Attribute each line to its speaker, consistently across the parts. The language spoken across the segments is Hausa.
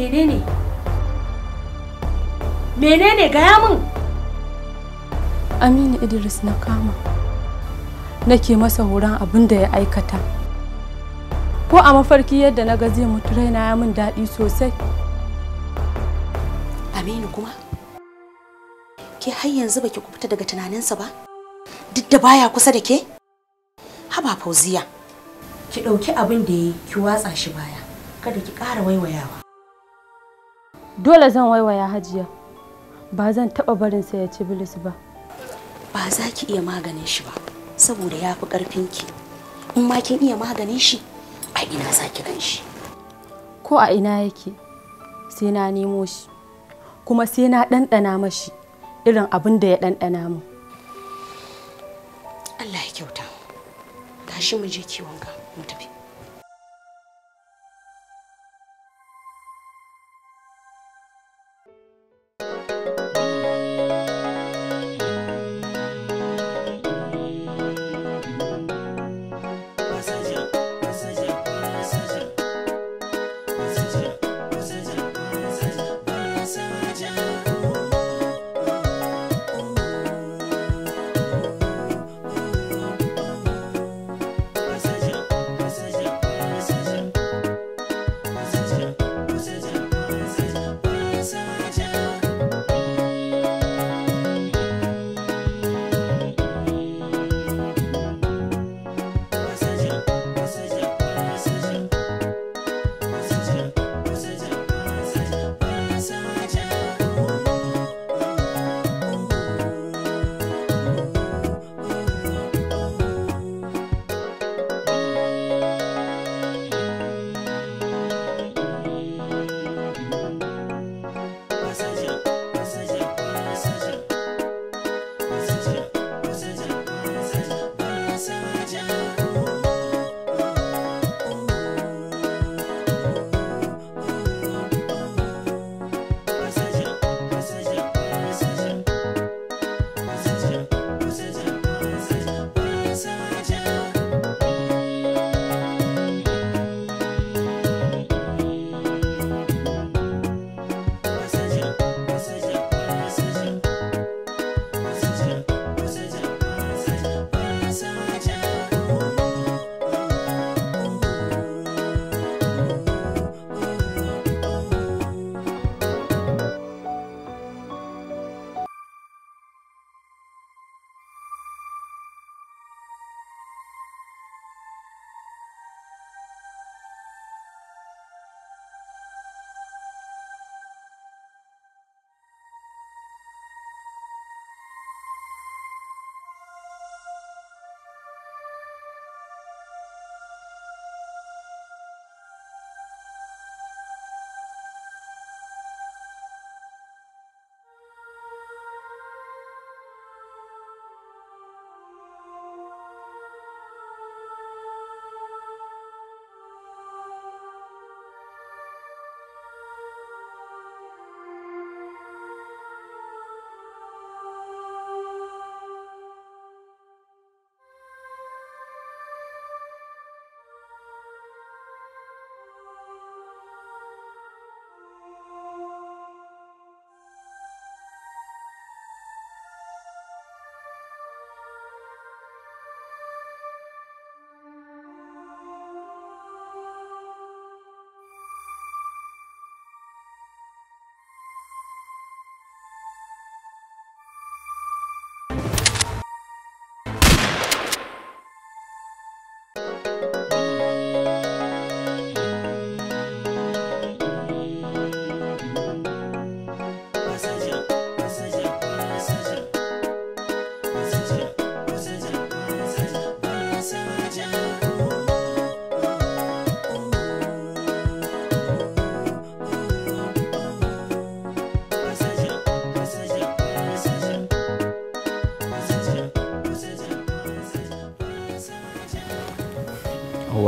Speaker 1: menene menene gaya min
Speaker 2: aminu idris na kama nake masa horon abin da ya
Speaker 1: aikata ko a mafarki yadda na ga zai mutu raina ya min daɗi sosai
Speaker 2: aminu kuma ke har yanzu baki kubuta daga tunaninsa ba duk da baya kusa da ke haba fauziya ki ɗauki abin da ya yi ki watsa shi baya kada ki ƙara waiwayawa
Speaker 1: dole zan waiwaya hajiya ba zan taɓa barinsa ya ci bilis ba ba za ki iya maganin shi ba saboda ya fi ƙarfinki in ma kin iya maganin shi
Speaker 3: a ina za ki gan shi
Speaker 1: ko a ina yake sai na nemo shi kuma sai na ɗanɗana mashi irin abin da ya ɗanɗana mu Allah ya kyauta tashi mu je
Speaker 4: kiwon ka mu tafi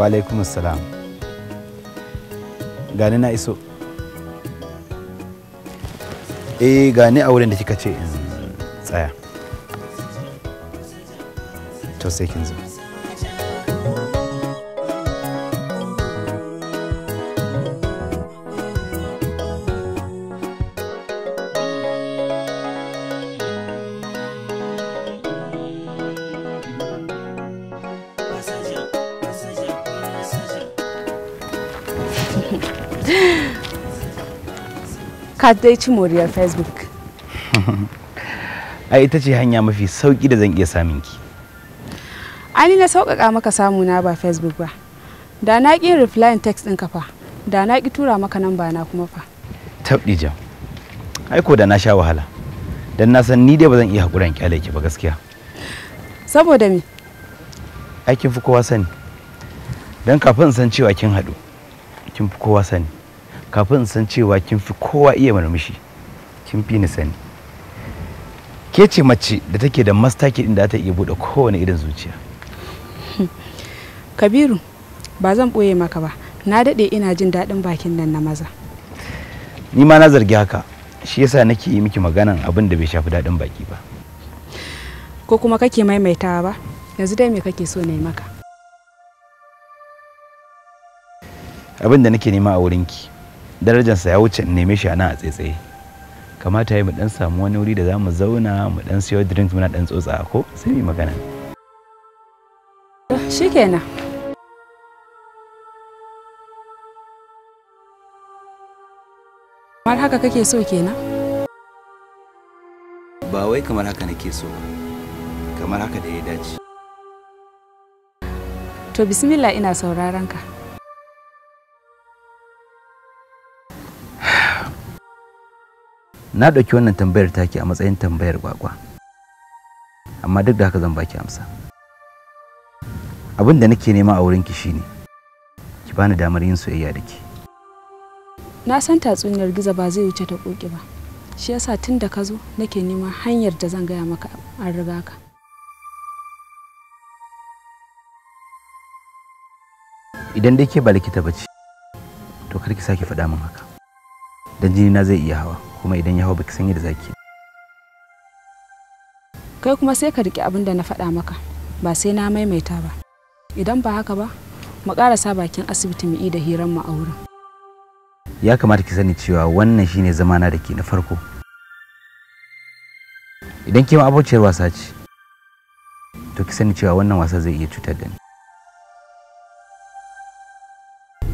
Speaker 5: alaikum assalam gani na iso eh gani a wurin da kika ce in tsaya to sai kin zo
Speaker 2: ka dai ci moriyar facebook
Speaker 5: a ita ce hanya mafi sauki da zan iya samun ki
Speaker 2: ani na sauƙaƙa maka samuna ba facebook ba da na ƙi reply text ɗinka fa da na ƙi tura maka nan ba na kuma fa
Speaker 5: tabɗi jam aiko da na sha wahala dan na san ni dai ba zan iya haƙuran kyale ki ba gaskiya saboda me aikin fi kowa sani don kafin san cewa kin haɗu kin fi kowa sani kafin in san cewa kin fi kowa iya murmushi kin fi ni sani ke ce mace da take da mastaki inda ta iya bude kowane irin zuciya
Speaker 2: kabiru ba zan boye maka ba na dade ina jin daɗin bakin nan na maza
Speaker 5: ni ma na zargi haka shi yasa nake yi miki maganan abin da bai shafi daɗin baki ba
Speaker 2: ko kuma kake maimaitawa ba yanzu dai me kake so na yi maka
Speaker 5: abin da nake nema a wurin ki. darajarsa ya wuce in neme shi a nan a tsaitsaye kamata ya mu dan samu wani wuri da za mu zauna mu dan siyo drinks muna dan tsotsa ko sai mu magana
Speaker 2: shikenan kamar haka kake so kenan
Speaker 5: ba wai kamar haka nake so kamar haka da ya dace
Speaker 2: to bismillah ina sauraron ka
Speaker 5: na ɗauki wannan tambayar taki a matsayin tambayar kwakwa amma duk da haka zan baki amsa abin da nake nema a wurinki shine ki bani damar yin soyayya da ki.
Speaker 2: na san tatsuniyar giza ba zai wuce ta koki ba shi yasa tun da ka zo nake neman hanyar da zan gaya maka an riga ka
Speaker 5: idan dai ke ba likita ba to kar ki sake faɗa min haka dan jini na zai iya hawa kuma idan ya hawa baki san yadda zaki
Speaker 2: kai kuma sai ka riƙe abin da na faɗa maka ba sai na maimaita ba idan ba haka ba mu ƙarasa bakin asibiti mu yi da hiran mu a wurin
Speaker 5: ya kamata ki sani cewa wannan shine zamana da ke na farko idan ke ma abociyar wasa ce to ki sani cewa wannan wasa zai iya cutar da ni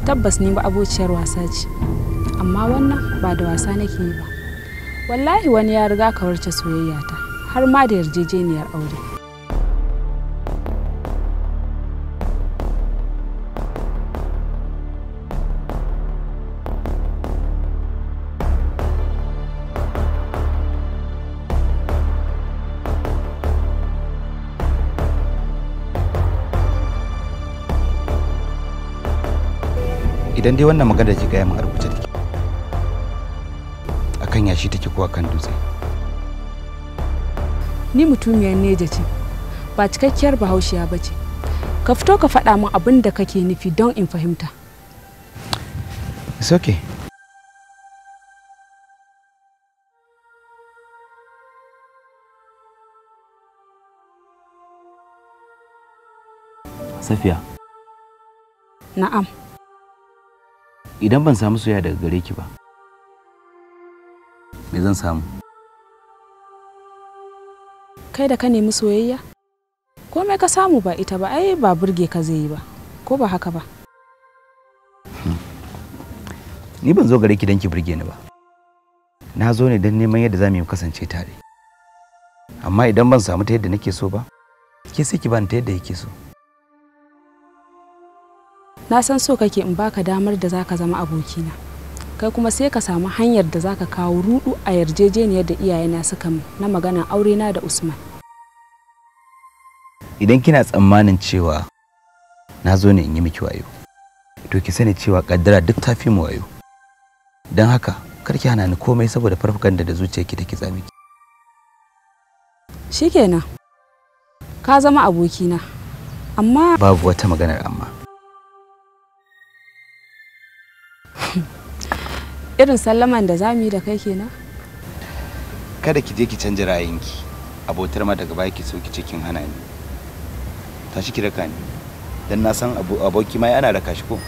Speaker 2: tabbas ni ba abociyar wasa ce amma wannan ba da wasa nake yi ba wallahi wani ya riga ka soyayya ta har ma da yarjejeniyar aure
Speaker 5: idan dai wannan magana da kika yi a rubuce akan yashi take kuwa kan dutse
Speaker 2: ni mutumiyar neja ce ba cikakkiyar bahaushiya ba ce ka fito ka faɗa min abin da kake nufi don in fahimta
Speaker 6: it's okay
Speaker 5: safiya na'am idan ban samu soya daga gare ki ba me zan samu
Speaker 2: kai da ka nemi soyayya komai ka samu ba ita ba ai ba burge ka zai yi ba ko ba haka ba
Speaker 5: hmm. ni ban zo gare ki don ki burge ni ba na zo ne don neman yadda za mu kasance tare amma idan ban samu ta yadda nake so ba ke sai ki ban ta yadda yake so
Speaker 2: na san so kake in baka damar da za ka zama abokina kai kuma sai ka samu hanyar da za ka kawo rudu a yarjejeniyar da iyayena suka na maganan aure na da Usman
Speaker 5: idan kina tsammanin cewa na zo ne in yi miki wayo to ki sani cewa kaddara duk ta fi mu wayo don haka kar ki hana ni komai saboda farfaganda da zuciyarki take tsami
Speaker 2: shikenan ka zama abokina amma
Speaker 5: babu wata maganar amma
Speaker 2: irin sallaman da zamu yi da kai kenan
Speaker 5: kada ki je ki canja ra'ayinki abotar ma daga baya ki so ki cikin hana ni tashi ki raka ni dan na san aboki ma ana raka shi ko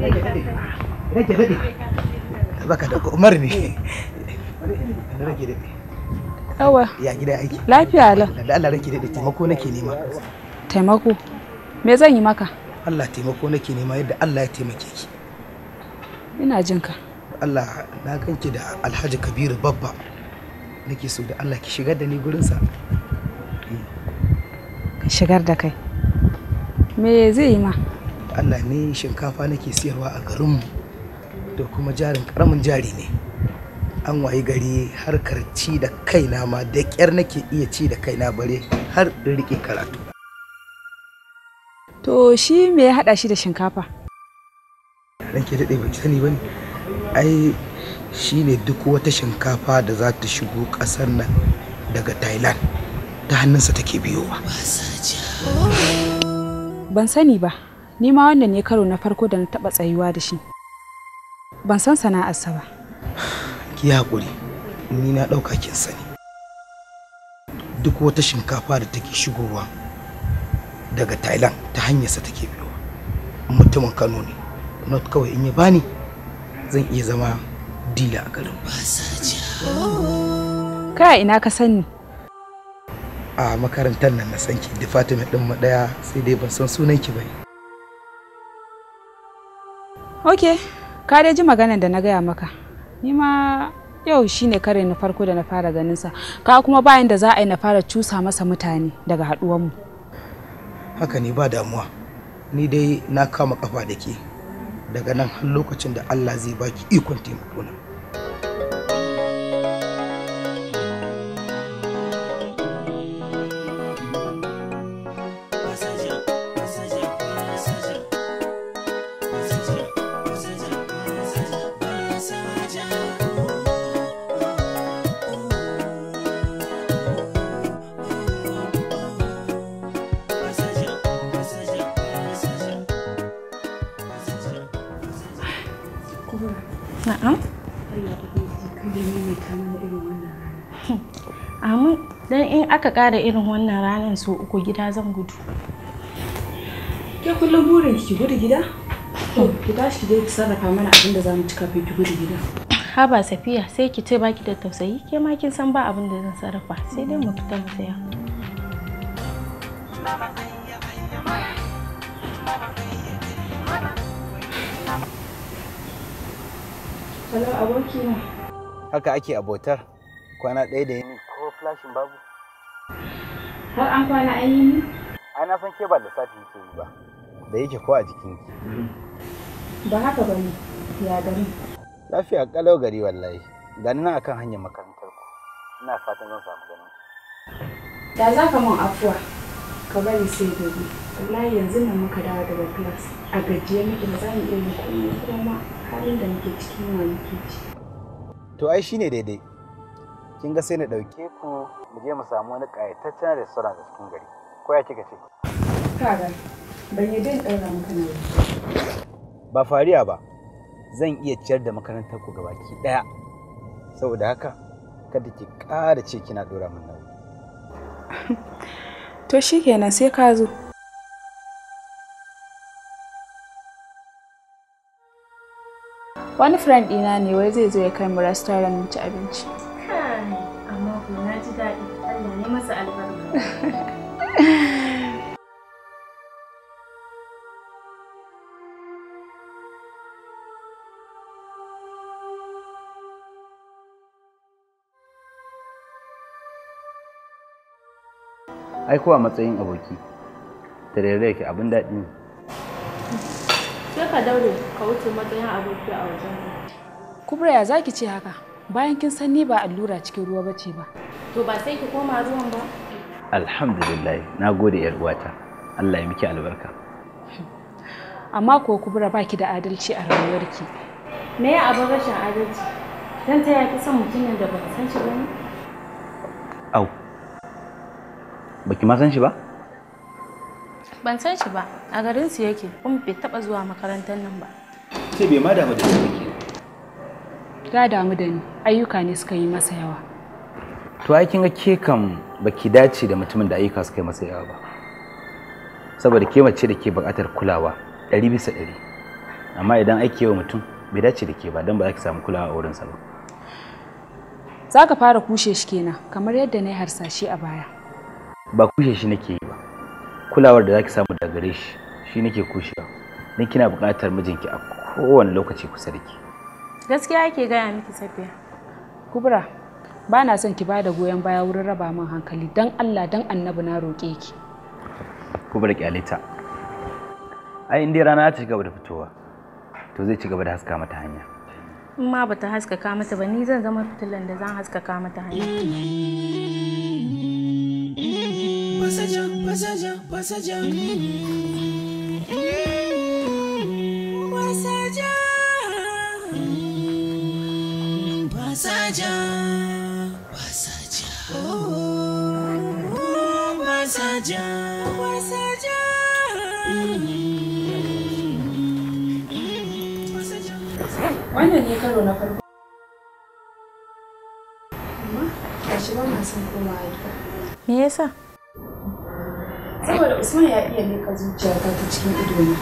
Speaker 7: rage
Speaker 6: daɗe baka da umar ne rage daɗe yawa ya gida aiki lafiya la da Allah rage daɗe taimako nake nema
Speaker 2: taimako me zan yi maka
Speaker 6: Allah taimako nake nema yadda Allah ya taimake ki ina jin ka Allah na ganki da Alhaji Kabiru babba nake so da Allah ki shigar da ni gurinsa.
Speaker 2: ka shigar da kai me zai yi ma
Speaker 6: Allah ne shinkafa nake siyarwa a garinmu da kuma jarin karamin jari ne an wayi gari harkar ci da kaina ma da ƙyar nake iya ci da kaina bare har in rike karatu
Speaker 2: to shi me ya haɗa shi da shinkafa
Speaker 6: ranke daɗe ba sani ba ai shi ne duk wata shinkafa da za ta shigo ƙasar nan daga thailand ta hannunsa take biyowa
Speaker 2: ban sani ba ni ma wannan ne karo na farko da na taba tsayuwa da shi ban san sana'arsa ba
Speaker 6: ki hakuri, ni na ɗauka kin sani duk wata shinkafa da take shigowa daga thailand ta hanyarsa take biyo mutumin kano ne not kawai in ya bani zan iya zama dila a garin
Speaker 2: kai ina ka sani
Speaker 6: a makarantar nan na sanki department ɗin ma ɗaya sai dai ban san sunan ki bane
Speaker 2: ok ka dai ji maganar da na gaya maka ni ma yau shine kare na farko da na fara ganin sa ka kuma bayan da za a yi na fara cusa masa mutane daga haɗuwanmu
Speaker 6: haka ne ba damuwa ni dai na kama kafa da ke daga nan har lokacin da allah zai baki ikon taimakona.
Speaker 1: ka ƙara irin wannan ranar so uku gida zan
Speaker 2: gudu. Ke kullum burin ki gudu gida? To, ki tashi dai ki sarrafa mana abin da za mu ci kafin ki gudu gida.
Speaker 1: ba Safiya, sai ki ce baki da tausayi, ke ma kin san ba abin da zan sarrafa, sai dai mu fita mu saya.
Speaker 2: Hello, abokina.
Speaker 5: Haka ake abotar kwana ɗaya da yini ko flashin babu.
Speaker 2: Har an kwana an yi ni?
Speaker 5: Ai na san ke ba lissafi ke yi ba. Da yake ko a jikin ki. Ba
Speaker 8: haka ba ne, Ya gari.
Speaker 5: Lafiya kalau gari wallahi. Gani na akan hanyar makarantar
Speaker 8: ku. Ina fatan zan samu ganin.
Speaker 2: Da za ka mun afuwa. Ka bari sai gobe. Wallahi yanzu nan muka dawo daga class. A gajiye muke ba za mu iya yin komai koma halin da muke cikin wani kici.
Speaker 5: To ai shine daidai. Kin ga sai na ɗauke ku mu je mu samu wani ƙayataccen restaurant da cikin gari ko ya kika ce
Speaker 2: kaga ban yi din ɗaura maka na
Speaker 5: ba fariya ba zan iya ciyar da makarantar ku gabaki ɗaya saboda haka kada ki ƙara ce kina ɗora min nauyi
Speaker 2: to shikenan sai ka zo wani friend ɗina ne wai zai zo ya kai mu restaurant mu ci abinci
Speaker 9: aiko a matsayin aboki
Speaker 5: tarere yake abin daɗi ne
Speaker 2: sai ka daure ka wuce matsayin aboki a wajen kubra ya zaki ce haka bayan kin san ni ba allura cikin ruwa bace ba to ba sai ki koma ruwan ba
Speaker 5: alhamdulillah na gode yar uwata Allah ya miki albarka
Speaker 2: amma ko kubra baki da adalci a rayuwarki me ya abin rashin adalci dan ta yaki son mutumin da ba san shi
Speaker 1: ba ne
Speaker 5: baki ma san shi ba
Speaker 1: ban san shi ba a garin su yake kuma bai taba zuwa makarantar nan ba
Speaker 5: sai bai ma damu da shi
Speaker 2: ya damu da ni ayyuka ne suka yi masa yawa
Speaker 5: to ai kin ga ke kam baki dace da mutumin da ayyuka suka yi masa yawa ba saboda ke mace da ke bukatar kulawa ɗari bisa ɗari amma idan aiki wa mutum bai dace da ke ba don ba za ki samu kulawa a wurinsa ba
Speaker 2: za ka fara kushe shi kenan kamar yadda na yi harsashe a baya
Speaker 5: ba kushe shi nake yi ba kulawar da zaki samu daga gare shi shi nake kushewa don kina buƙatar mijinki a
Speaker 10: kowane
Speaker 2: lokaci kusa da ki
Speaker 1: gaskiya yake gaya miki safiya
Speaker 2: kubra ba na son ki bada goyon baya wurin raba min hankali don allah don annabi na roƙe ki
Speaker 5: kubra kyalita ai inda rana ta ci gaba da fitowa to zai ci gaba da haska mata hanya
Speaker 1: in ma bata haskaka mata ba ni zan zama fitilan da zan haskaka mata hanya
Speaker 3: Passager, passager, passager. Passager. Passager. Wannan ne karo na farko.
Speaker 2: Amma, ba masu koma aiki. Me yasa? saboda usman ya iya leƙa zuciyata
Speaker 1: ta cikin idona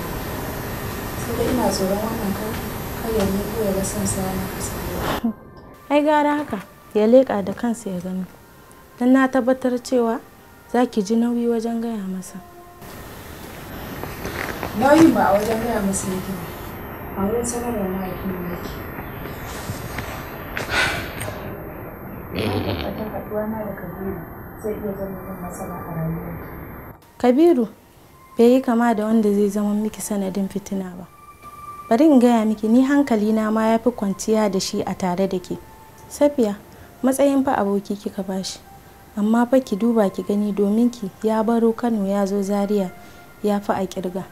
Speaker 2: sai da ina tsoron wannan kan kar ya leƙo ya ga son sa na kasa
Speaker 1: ai gara haka ya leƙa da kansa ya gani, don na tabbatar cewa za ki ji nauyi wajen gaya masa
Speaker 2: nauyin ba a wajen gaya masa yake ba a wurin sanarwa mahaifin yake na tabbatar haɗuwa na da kabiru zai iya zama yin matsala a rayuwarki
Speaker 1: kabiru bai yi kama da wanda zai zama miki sanadin fitina ba bari in gaya miki ni hankali na ma ya fi kwanciya da shi a tare da ke safiya matsayin fa aboki kika bashi amma fa ki duba ki gani domin ki ya baro kano ya zo zaria ya fi a kirga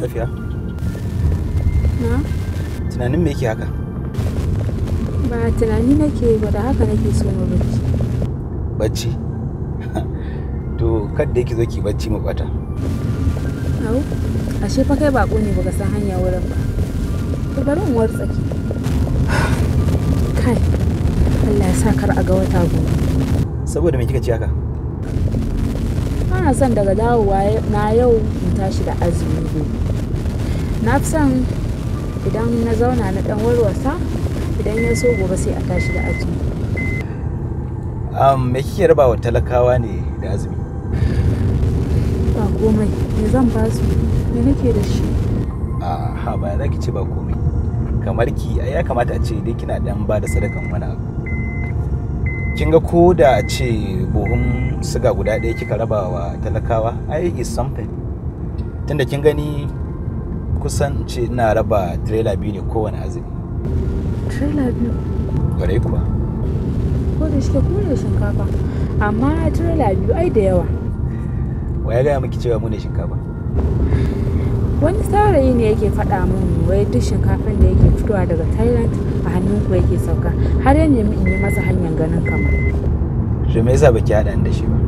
Speaker 5: safiya Tunanin me yake haka?
Speaker 2: Ba tunani nake ba da haka nake so mu bacci.
Speaker 5: Bacci? To kadda yake zo ki bacci mu bata.
Speaker 2: Au, ashe fa kai bako ne baka san hanya wurin ba. Ku bari mu wartsake. Kai, Allah ya sa kar a ga wata gobe.
Speaker 5: Saboda me kika ci haka?
Speaker 2: Ana son daga dawowa na yau in tashi da azumi gobe. Na fi son idan na zauna na dan warwasa idan ya so gobe sai a tashi da aji
Speaker 5: um, me kike raba wa talakawa ne da azumi
Speaker 2: ba komai me zan ba su me nake da shi a
Speaker 5: ha ba za ki ce ba komai kamar ki ya kamata a ce dai kina dan ba da sadakan wani abu kin ga ko da a ce buhun siga guda ɗaya kika raba wa talakawa ai is something tunda kin gani kusan ce ina raba trailer biyu ne kowane azumi trailer biyu kwarai kuwa
Speaker 2: ko da shi kuma da shinkafa amma trailer biyu ai da yawa
Speaker 5: wa ya gaya muke cewa mu ne shinkafa
Speaker 2: wani saurayi ne yake faɗa min wai duk shinkafan da yake fitowa daga thailand a hannun ku yake sauka har yanzu in yi masa hanyar ganin kamar
Speaker 5: to me yasa baki haɗa da shi ba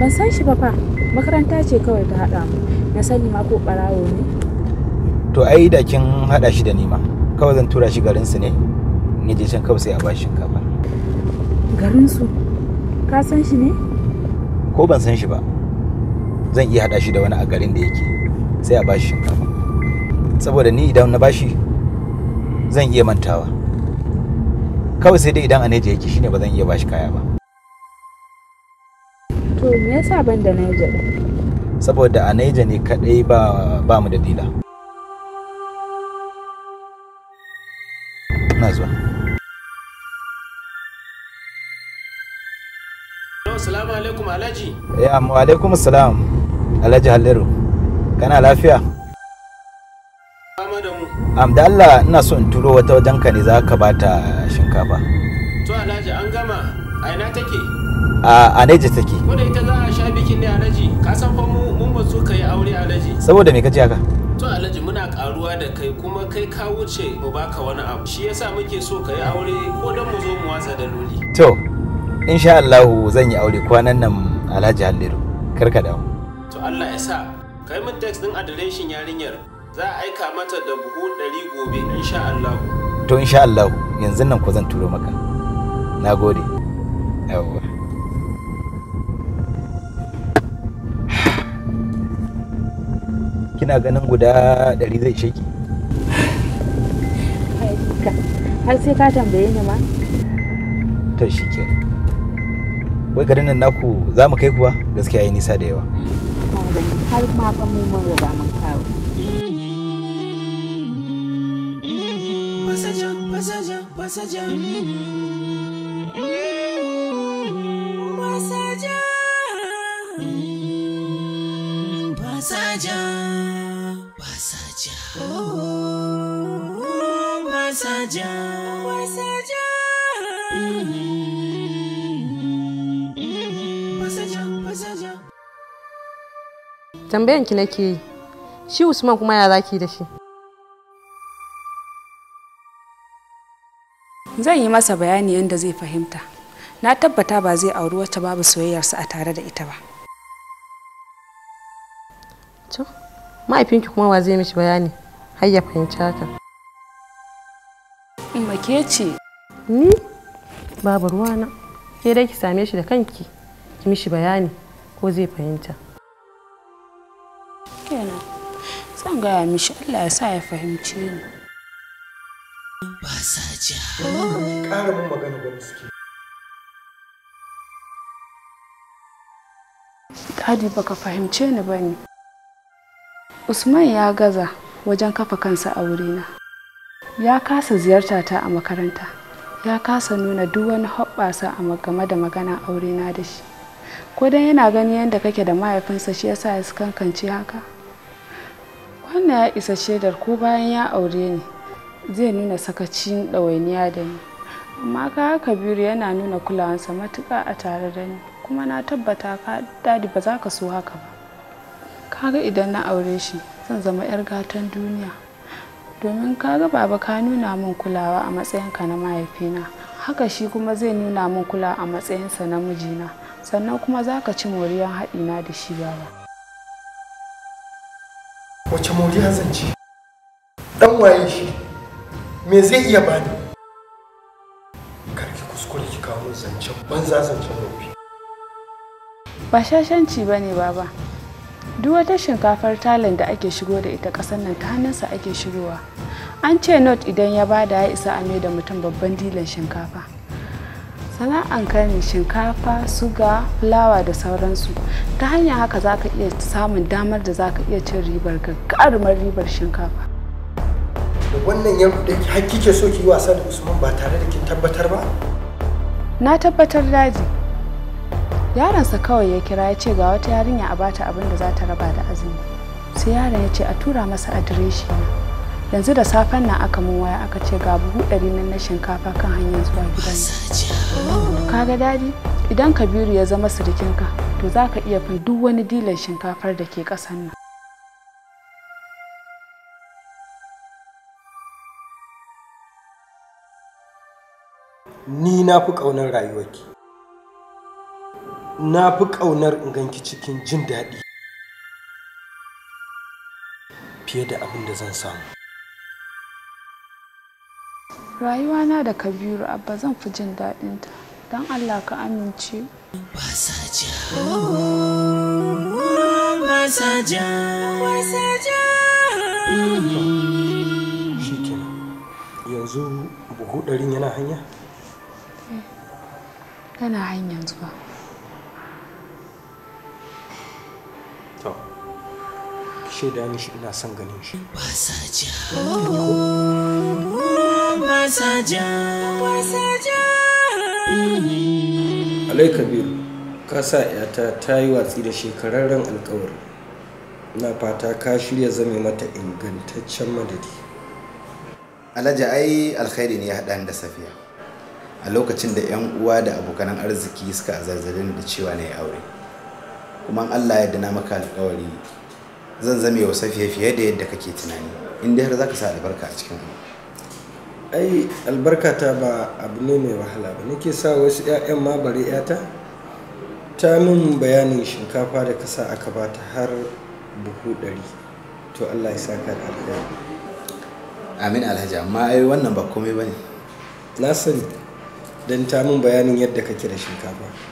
Speaker 2: ban san shi ba fa makaranta ce kawai ta haɗa mu na sani ma ko ɓarawo ne
Speaker 5: to ai da kin haɗa shi da nima kawai zan tura shi garinsu ne ni je can kawai sai a bashi shinkafa
Speaker 2: garinsu ka san shi ne
Speaker 5: ko ban san shi ba zan iya haɗa shi da wani a garin da yake sai a bashi shinkafa saboda ni idan na bashi zan iya mantawa kawai sai dai idan aneja yake shine ba zan iya bashi kaya ba
Speaker 2: to me yasa ban da naija
Speaker 5: saboda anaija ne kadai ba ba mu da dila muna zuwa
Speaker 9: Assalamu alaikum Alhaji. Ya
Speaker 5: mu alaikum salam Alhaji Halliru. Kana lafiya? Kama Am da Allah ina so in turo wata wajen ka ne za ka bata shinkafa. To Alhaji an gama a ina take? A Aneji take. Ko da ita za a sha bikin ne Alhaji. Ka san fa mu mun ba so ka aure Alhaji. Saboda me kace haka? to alhaji muna karuwa da kai kuma kai ka wuce mu baka wani abu shi yasa muke so ka yi aure ko don mu zo mu watsa loli to insha Allah zan yi aure kwanan nan alhaji halliru kar ka damu to Allah ya sa kai mun text din adireshin yarinyar za a aika mata da buhu 100 gobe insha Allah to insha Allah yanzu nan ko zan turo maka nagode yawa kina ganin guda ɗari zai sheki
Speaker 2: har sai ka tambaye ni ma
Speaker 5: to shi wai garin nan naku za mu kai kuwa gaskiya yi nisa da yawa
Speaker 2: har ma fa mu mun ba mun kawo
Speaker 3: saja ba saja ba ba
Speaker 1: tambayan ki nake yi shi usman kuma ya zaki da shi
Speaker 2: zan yi masa bayani yadda zai fahimta na tabbata ba zai auri wacce babu soyayyarsa a tare da ita ba to
Speaker 1: mahaifinki kuma wa zai mishi bayani har ya fahimci haka
Speaker 2: ke ce ni babu ruwana ke dai ki same shi da kanki ki mishi bayani ko zai fahimta kenan zan gaya mishi Allah ya sa ya fahimce ni ba sa ja ƙara mun
Speaker 6: magana gwamnati suke
Speaker 2: Hadi baka fahimce ni bane. Usman ya gaza wajen kafa kansa a wurina. Ya kasa ziyarta ta a makaranta, ya kasa nuna duk wani hoɓɓasa a game da magana aurena da shi. Ko dan yana gani yadda kake da mahaifinsa shi yasa ya kankance haka? Wannan ya isa shaidar ko bayan ya aure ni zai nuna sakacin ɗawainiya da ni. Amma ka Kabiru yana nuna kulawansa matuƙa a tare da ni kuma na tabbata ka dadi ba za ka so haka ba. kaga idan na aure shi zan zama 'yar gatan duniya domin kaga baba ka nuna min kulawa a matsayinka na mahaifina haka shi kuma zai nuna min kulawa a matsayinsa na mijina sannan kuma za ka ci moriyar haɗina da shi baba
Speaker 6: wace moriya zan ci
Speaker 10: dan waye shi me zai iya bani karki kuskure ki kawo zancen banza zancen rufi
Speaker 2: ba shashanci bane baba duk wata shinkafar talan da ake shigo da ita ƙasar nan ta hannunsa ake shigowa an ce not idan ya bada ya isa a da mutum babban dilan shinkafa sana'an kanin shinkafa suga fulawa da sauransu ta hanya haka za ka iya samun damar da za ka iya cin ribar gagarumar ribar shinkafa
Speaker 10: da wannan ya da har kike so ki wasa da usman ba tare da kin tabbatar ba
Speaker 2: na tabbatar daji yaronsa kawai ya kira ya ce ga wata yarinya a bata abin da za ta raba da azumi sai yaron ya ce a tura masa adireshi na yanzu da safen nan aka mun waya aka ce ga buhu ɗari na shinkafa kan hanyar zuwa gidan kaga dadi idan kabiru ya zama sirikinka to za ka iya fin duk wani dilan shinkafar da ke kasan nan
Speaker 10: ni na fi ƙaunar rayuwarki na fi ƙaunar in ganki cikin jin daɗi fiye da abin da zan samu
Speaker 2: rayuwa na da kabiru abba zan fi jin daɗin ta don allah ka amince mm-hmm.
Speaker 10: yanzu buhu ɗarin yana hanya?
Speaker 2: Eh, yana hanyar zuwa.
Speaker 10: shaida mishi ina son ganin shi mm-hmm. alai kabiru ka sa yata ta yi watsi da shekararren alkawari na fata ka shirya zame mata ingantaccen madadi alhaji ai alkhairi ne ya haɗa da safiya a
Speaker 5: lokacin da 'yan uwa da abokanan arziki suka azazzare da cewa na yi aure kuma Allah ya na maka alkawari zan zame wa safiya fiye da yadda kake tunani inda har
Speaker 10: za ka sa albarka a cikin ai albarka ta ba abu ne mai wahala ba nake sa wasu 'ya'yan ma bari 'yata ta min bayanin shinkafa da kasa aka bata har buhu ɗari to allah ya saka da alheri amin alhaji amma ai wannan ba komai ba ne na sani don ta min bayanin yadda kake da shinkafa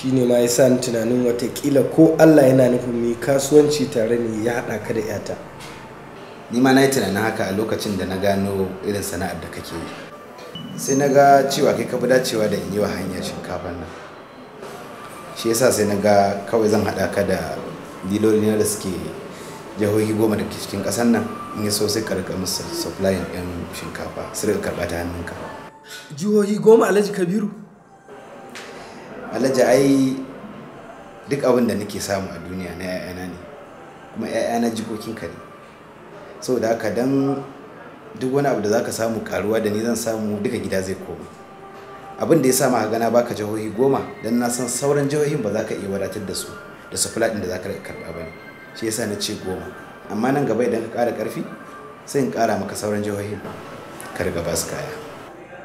Speaker 10: shine ma ya sa ni tunanin watakila ko allah yana nufin mai kasuwanci tare ne ya haɗa ka da yata ni
Speaker 5: ma na yi tunanin haka a lokacin da na gano irin sana'ar da kake yi sai na ga cewa kai ka fi dacewa da in yi wa hanyar shinkafar nan shi yasa sai na ga kawai zan haɗa ka da diloli da suke jihohi goma da cikin ƙasar nan in yi so sai ka rika musu supply ɗin shinkafa su rika karɓa ta hannunka
Speaker 10: jihohi goma
Speaker 8: alhaji kabiru
Speaker 10: alhaji ai duk abin
Speaker 5: da nake samu a duniya na 'ya'yana ne kuma 'ya'yana jikokinka ne saboda haka don duk wani abu da za ka samu karuwa da ni zan samu duka gida zai koma abin da ya sa ma gana baka jihohi goma don na san sauran jihohin ba za ka iya wadatar da su da su fulaɗin da za ka karɓa ba ne shi yasa na ce goma amma nan gaba idan ka ƙara ƙarfi sai in ƙara maka sauran jihohin ka riga ba su kaya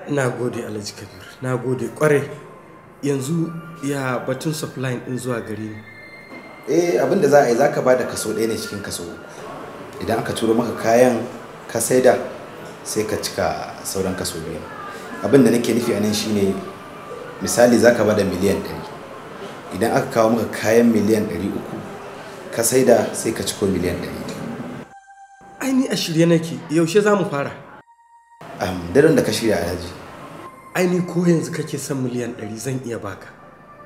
Speaker 10: na gode alhaji kabir na gode ƙwarai yanzu ya batun supply in zuwa gari ne
Speaker 5: eh abinda za a yi za ka ba da kaso ɗaya ne cikin kaso idan aka turo maka kayan ka saida sai ka cika sauran kaso biyu abinda nake nufi a nan shine misali za ka ba da miliyan ɗari, idan aka kawo maka kayan miliyan ɗari uku ka saida sai ka ciko miliyan ɗari.
Speaker 10: ai ni a shirye nake yaushe za mu fara a daren da ka shirya alhaji aini ko yanzu kake son miliyan ɗari zan iya baka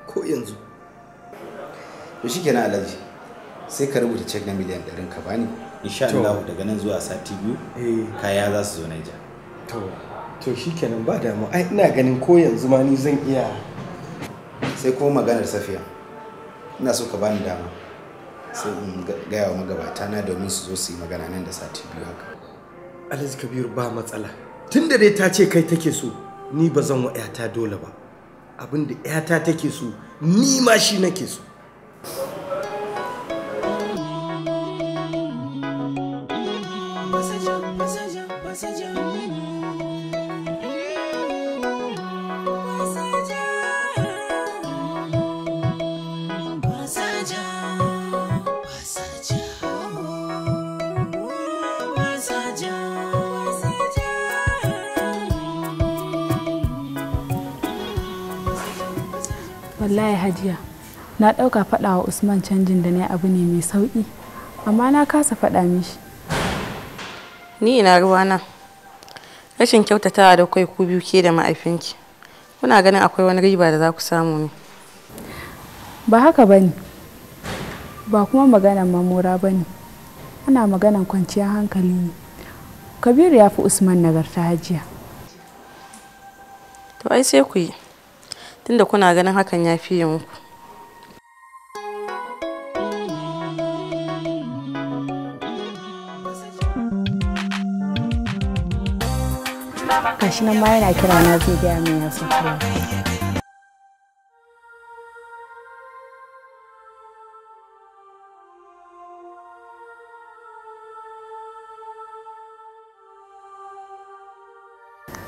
Speaker 10: ko yanzu
Speaker 5: to shi kenan alhaji sai ka rubuta cek na miliyan ɗarin ka bani insha Allah daga nan zuwa
Speaker 10: sati biyu eh. kaya za su zo Naija to to shi kenan ba damu ai ina ganin ko yanzu ma ni zan iya sai kuma maganar safiya ina so
Speaker 5: ka bani dama sai in gaya wa magabata na domin su zo su yi magana nan da sati biyu haka
Speaker 10: Alhaji Kabiru ba matsala tun da dai ta ce kai take so ni ba zan wa 'yata dole ba abinda 'yata take so ni ma shi nake so
Speaker 2: na ɗauka faɗa wa usman canjin da na abu ne mai sauƙi amma na kasa faɗa mishi
Speaker 1: ni ina ruwa na. rashin kyautatawa da kai ku biyu ke da ma'aifinki kuna ganin akwai wani riba da za ku samu ne
Speaker 2: ba haka ba ne ba kuma maganan mamora ba ne ana maganan kwanciyar hankali ne kabiru ya fi usman nagarta hajiya to
Speaker 1: ai sai ku yi tunda kuna ganin hakan ya fi yi muku.
Speaker 2: gashi nan ma yana kira na zai gaya min ya saka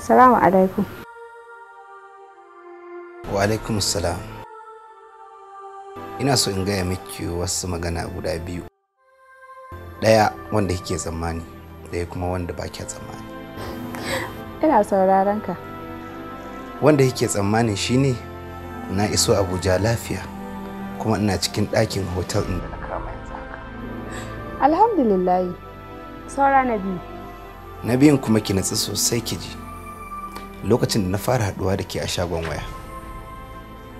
Speaker 2: Salamu alaikum.
Speaker 5: Wa alaikum salam. Ina so in gaya miki wasu magana guda biyu. Ɗaya wanda kike tsammani, ɗaya kuma wanda ba ke tsammani.
Speaker 2: ina sauraron ka
Speaker 5: wanda yake tsammanin shine na iso abuja lafiya kuma ina cikin ɗakin hotel ɗin da na kama yanzu
Speaker 2: alhamdulillahi saura na biyu
Speaker 5: na biyun kuma ki natsu sosai ki ji lokacin da na fara haɗuwa da ke a shagon waya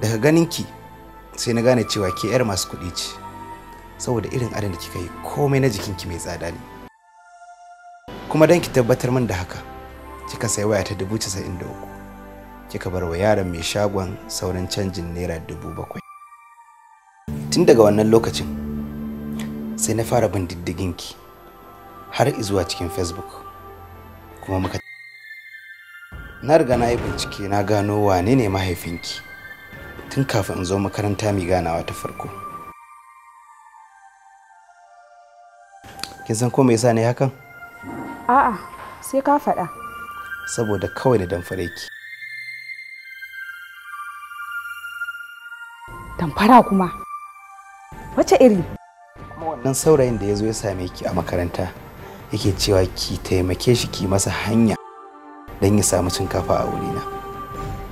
Speaker 5: daga ganin ki sai na gane cewa ke 'yar masu kuɗi ce saboda irin adin da kika yi komai na jikinki mai tsada ne kuma don ki tabbatar min da haka kika sai waya ta dubu casa'in da kika bar wa yaron mai shagon sauran canjin naira dubu bakwai tun daga wannan lokacin sai na fara bin diddigin ki har izuwa cikin facebook kuma muka na riga na yi bincike na gano wane ne mahaifinki tun kafin in zo makaranta mai ganawa ta farko kin san ko me yasa ne hakan
Speaker 2: a'a sai ka faɗa
Speaker 6: saboda kawai da damfare ki
Speaker 2: damfara kuma wace iri
Speaker 5: kuma wannan saurayin da ya zo ya same ki a makaranta yake cewa ki taimake shi ki masa hanya don ya samu shinkafa a wurina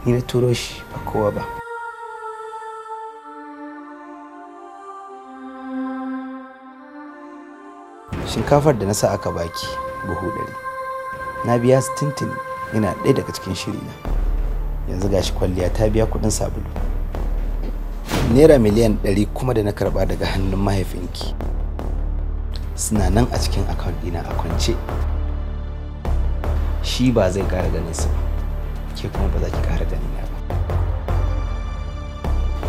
Speaker 5: ni
Speaker 6: na turo shi
Speaker 5: ba kowa ba shinkafar da na sa aka baki buhu ɗari na biya su tintin yana ɗaya daga cikin shirina yanzu gashi kwalliya ta biya kuɗin sabulu naira miliyan ɗari kuma da na karɓa daga hannun mahaifinki suna nan a cikin akawun ɗina a kwance shi ba zai ƙara ganin su ke kuma ba za ki ƙara ganina ba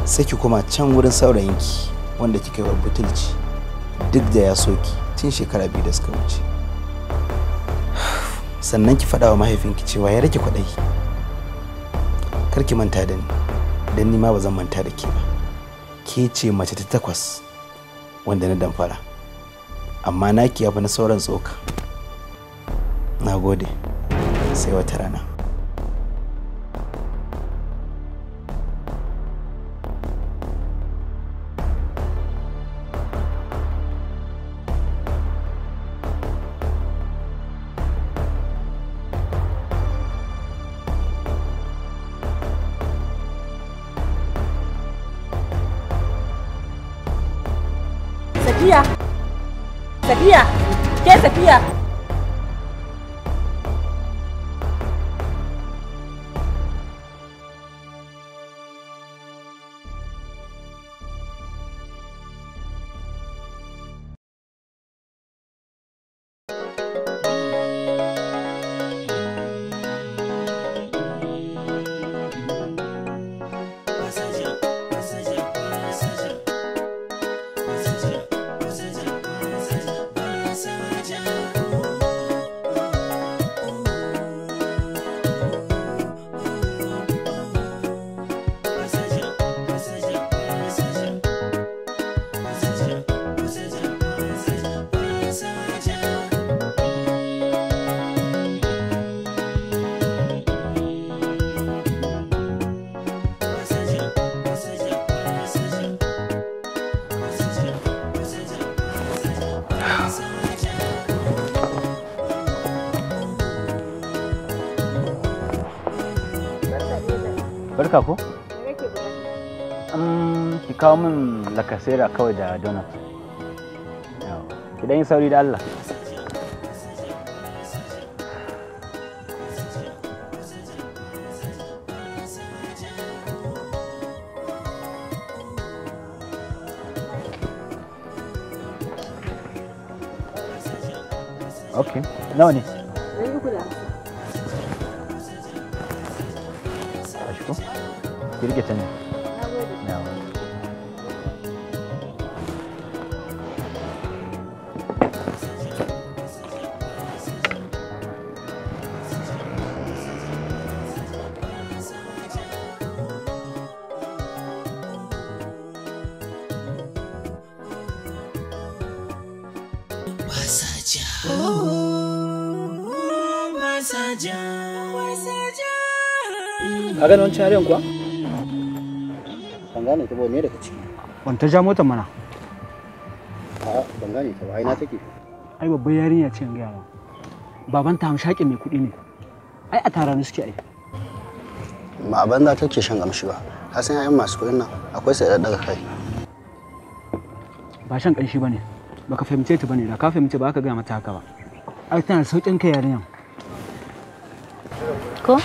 Speaker 5: sai ki koma can wurin saurayinki wanda kika yi wa butulci duk da ya soki tun shekara biyu da suka wuce sannan ki faɗa wa mahaifinki cewa ya rage kwaɗayi kar ki manta da ni don ni ma ba zan manta da ke ba ke ce mace ta takwas wanda na damfara amma naki yafi na sauran tsoka na gode sai wata rana
Speaker 8: aika ko? ki kawo min lakasera
Speaker 5: kawai da donut. Idan yi sauri da Allah.
Speaker 8: Okay, nawa ne? 그렇게 전 no.
Speaker 3: Masaja, oh, masaja, masaja. Hagan un charionqua.
Speaker 8: wannan zubo ne daga ciki wani ta ja motar mana a ban gane ta ba ai na take ai babbar yarinya ce gaya ma baban ta hamshaƙi mai kuɗi ne ai a tara suke ai ma ban banza take shan gamshi ba ka san yayin masu kuɗin nan akwai sai daga kai ba shan ƙanshi ba ne baka fahimce ta ba ne da ka fahimce ba ka gaya mata haka ba ai tana sauƙin kai yarinyan ko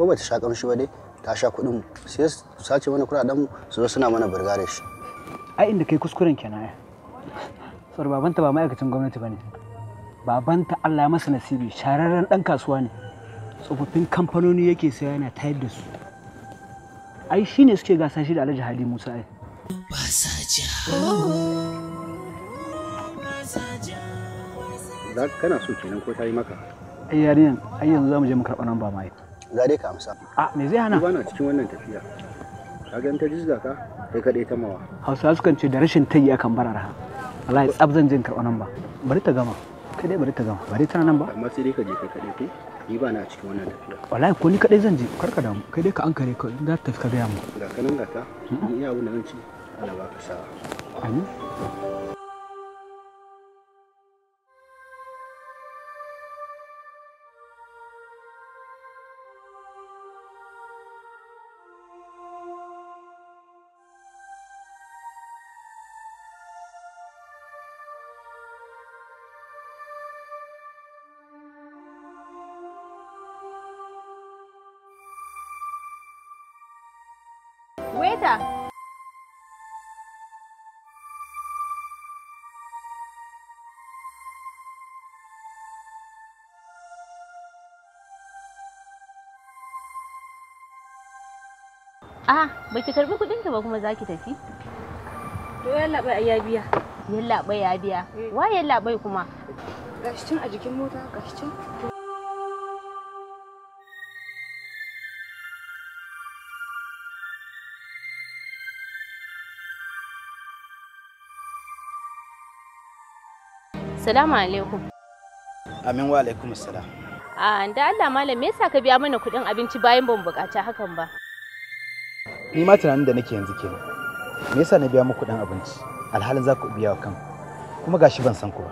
Speaker 8: ko bata sha kamshi ba dai ta sha kuɗin mu sai su sace mana kuɗaɗen mu su zo suna mana burga da shi ai inda kai kuskuren kenan ai sar babanta ba ma'aikacin gwamnati bane babanta Allah ya masa nasibi shararren dan kasuwa ne tsofaffin kamfanoni yake saya yana tayar da su ai shine suke gasa shi da Alhaji Hadi Musa ai ba sa ja kana so kenan ko ta yi maka ai yarinyan ai yanzu za mu je mu karɓa nan ba zade ka amsa a me zai hana ba na cikin wannan tafiya ka ga ta jizga ka kai kaɗai ta mawa hausa sukan ce da rashin tayi akan barara wallahi tsab zan jin karɓar nan ba bari ta gama kai dai bari ta gama bari tana nan ba amma sai dai ka je kai kadai ko ni ba na cikin wannan tafiya wallahi ko ni kadai zan je kar ka damu kai dai ka ankare ka za ta tafi ka ga mu ga kanin gata. ni iya wannan da zan ci Allah ba ka sa. amin
Speaker 4: baki karbi kudin ki ba kuma zaki tafi to yalla bai ya biya yalla bai ya biya eh. wa yalla bai kuma gashi tun a jikin mota gashi tun Salamu alaikum.
Speaker 6: Amin wa alaikum salam.
Speaker 4: Ah, da Allah malam me yasa ka biya mana kuɗin abinci bayan ban bukaci hakan ba?
Speaker 6: ni ma tunanin
Speaker 5: da nake yanzu kenan me yasa na biya muku dan abinci alhalin za ku biya wa kanku kuma gashi ban san ku ba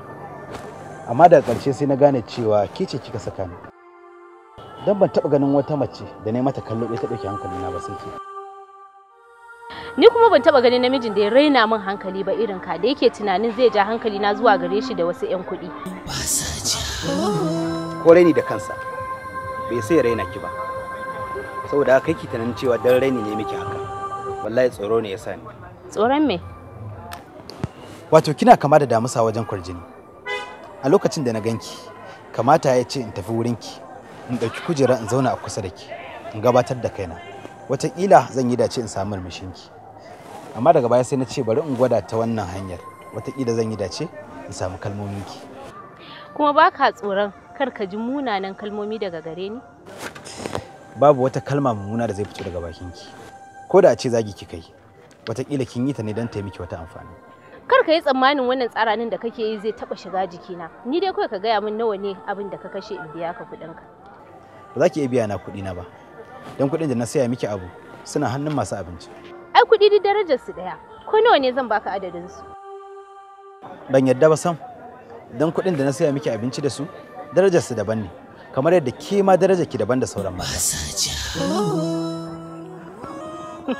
Speaker 5: amma daga ƙarshe sai na gane cewa ke ce kika saka ni dan ban taɓa ganin wata mace da na mata kallo ta hankali hankalina ba sai ke
Speaker 4: ni kuma ban taba ganin namijin da ya raina min hankali ba irin ka da yake tunanin zai ja hankali na zuwa gare shi da wasu 'yan kuɗi.
Speaker 5: Ko raini da kansa bai sai raina ki ba. saboda haka ki tunanin cewa dan raini ne miki haka wallahi tsoro ne yasa ni tsoron me wato kina kama da damusa wajen kwarjini a lokacin da na ganki kamata ya ce in tafi wurinki in ɗauki kujera in zauna a kusa da ki in gabatar da kaina wataƙila zan yi dace in samu murmushinki amma daga baya sai na ce bari in gwada ta wannan hanyar wataƙila zan yi dace in samu kalmominki
Speaker 4: kuma baka tsoron kar ka ji munanan kalmomi daga gare ni
Speaker 5: babu wata kalma mummuna da zai fito daga ki. ko da a ce zagi kika yi watakila kin yi ta ne don ta miki wata amfani
Speaker 4: kar ka yi tsammanin wannan tsaranin da kake yi zai taba shiga jikina ni dai kawai ka gaya min nawa ne abin da ka kashe in biya ka kuɗin ka
Speaker 5: ba za ki iya biya na kuɗi na ba don kuɗin da na saya miki abu suna hannun masu abinci
Speaker 4: ai kuɗi duk darajar su ɗaya ko nawa ne zan baka adadin su
Speaker 5: ban yadda ba sam don kuɗin da na saya miki abinci da su darajar su daban ne kamar yadda ke ma daraja ki daban da sauran mata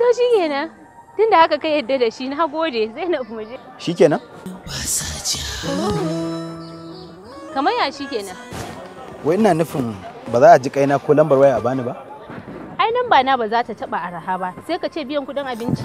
Speaker 4: to shi kenan tunda haka kai yadda da shi na gode zainab mu je shi kenan kamar ya shi kenan
Speaker 5: wai ina nufin ba za a ji kaina ko lambar waya a bani ba
Speaker 4: ai nan ba na ba za ta taba araha ba sai ka ce biyan kudin abinci